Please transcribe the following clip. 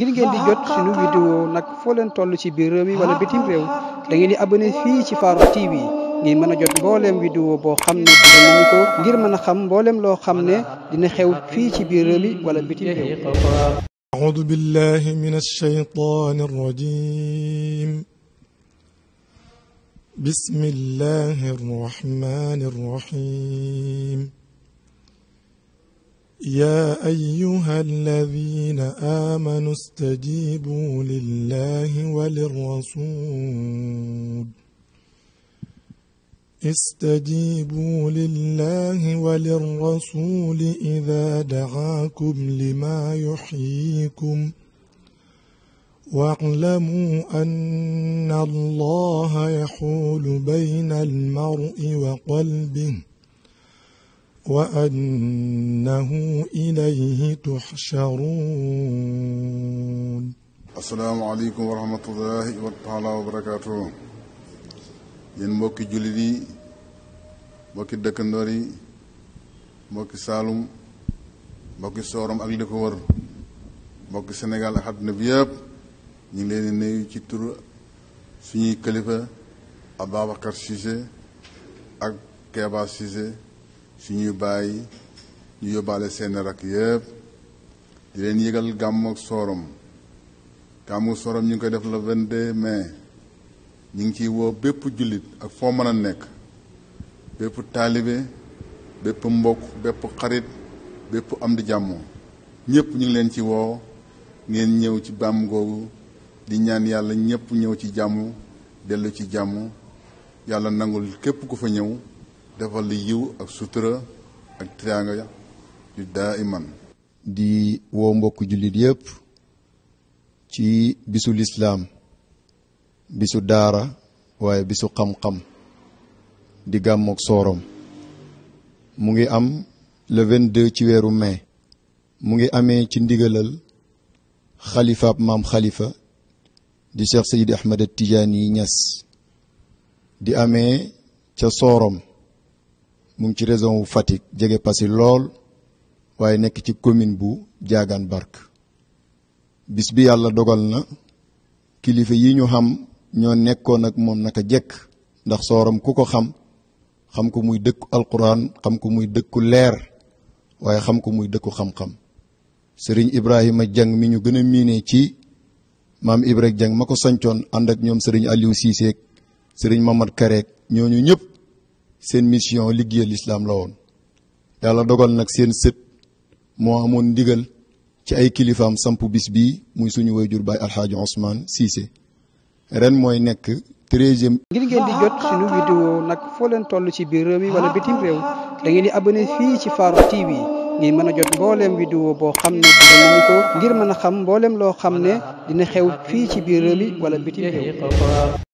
ngir ngeen di jot suñu vidéo nak fo leen tollu ci biir réew mi wala bitim réew da ngeen di abonné fii ci Faro TV ngir mën a jot mbooleem vidéo boo xam ne dinañu ko ngir mën a xam mbooleem loo xam ne dina xew fii ci biir réew mi wala bitim réew أعوذ بالله من الشيطان الرجيم بسم الله الرحمن الرحيم يا أيها الذين آمنوا استجيبوا لله وللرسول استجيبوا لله وللرسول إذا دعاكم لما يحييكم واعلموا أن الله يحول بين المرء وقلبه وأنه إليه تحشرون السلام عليكم ورحمة الله تعالى وبركاته yéen mbokki jullit yi mbokki dëkkandoor yi mbokki saalum mbokki soorom ak li ko wër mbokki sénégal ak àdduna bi yëpp ñu ngi leen di nuyu ci tur suñuy kilifa Ababacar Cissé ak Keba Cissé suñuy bàyyi ñu yóbbaale seen rakk yépp di leen yëgal gàmm ak soorom gàmmu soorom ñu ngi koy def le 22 mais ñu ngi ciy woo bépp jullit ak foo mën a nekk bépp taalibe bépp mbokk bépp xarit bépp am di jàmm ñépp ñu ngi leen ci woo ngeen ñëw ci bàmm googu di ñaan yàlla ñépp ñëw ci jàmm dellu ci jàmm yàlla nangul képp ku fa ñëw defal li yiw ak sutura ak triangle ya yu daiman iman di wo mbokk julit yépp ci bisu lislaam bisu daara waaye bisu xam-xam di gàmmook sorom mu ngi am le 22 ci weeru mai mu ngi amee ci ndigalal xalifaab maam xalifa di cheikh sayid ahmad Tijani tijaani di amee ca sorom mu ngi ci région wu Fatick jege Passy lool waaye nekk ci commune bu Diagane Barke bis bi yàlla dogal na kilifa yi ñu xam ñoo nekkoon ak moom naka jekk ndax sooram ku ko xam xam ko muy dëkku alquran xam ko muy dëkku leer waaye xam ko muy dëkku xam-xam sëriñ Ibrahima Dieng mi ñu gën a miinee ci maam Ibrahima Dieng ma ko sancoon ànd ak ñoom sëriñ Aliou Cissé sëriñ Mamad Kareek ñooñu ñëpp seen mission liggéeyal lislaam la woon yàlla dogal nag seen sët moo amoon ndigal ci ay kilifaam samp bis bii muy suñu jur baay alxaaji Ousmane Cissé ren mooy nekk treizième. ngir ngeen di jot suñu vidéo nag foo leen toll ci biir réew yi wala bitim réew da ngeen di abonné fii ci Farokh TV ngir mën a jot mbooleem vidéo boo xam ne mën a xam mbooleem loo xam ne dina xew fii ci biir réew mi wala bitim réew.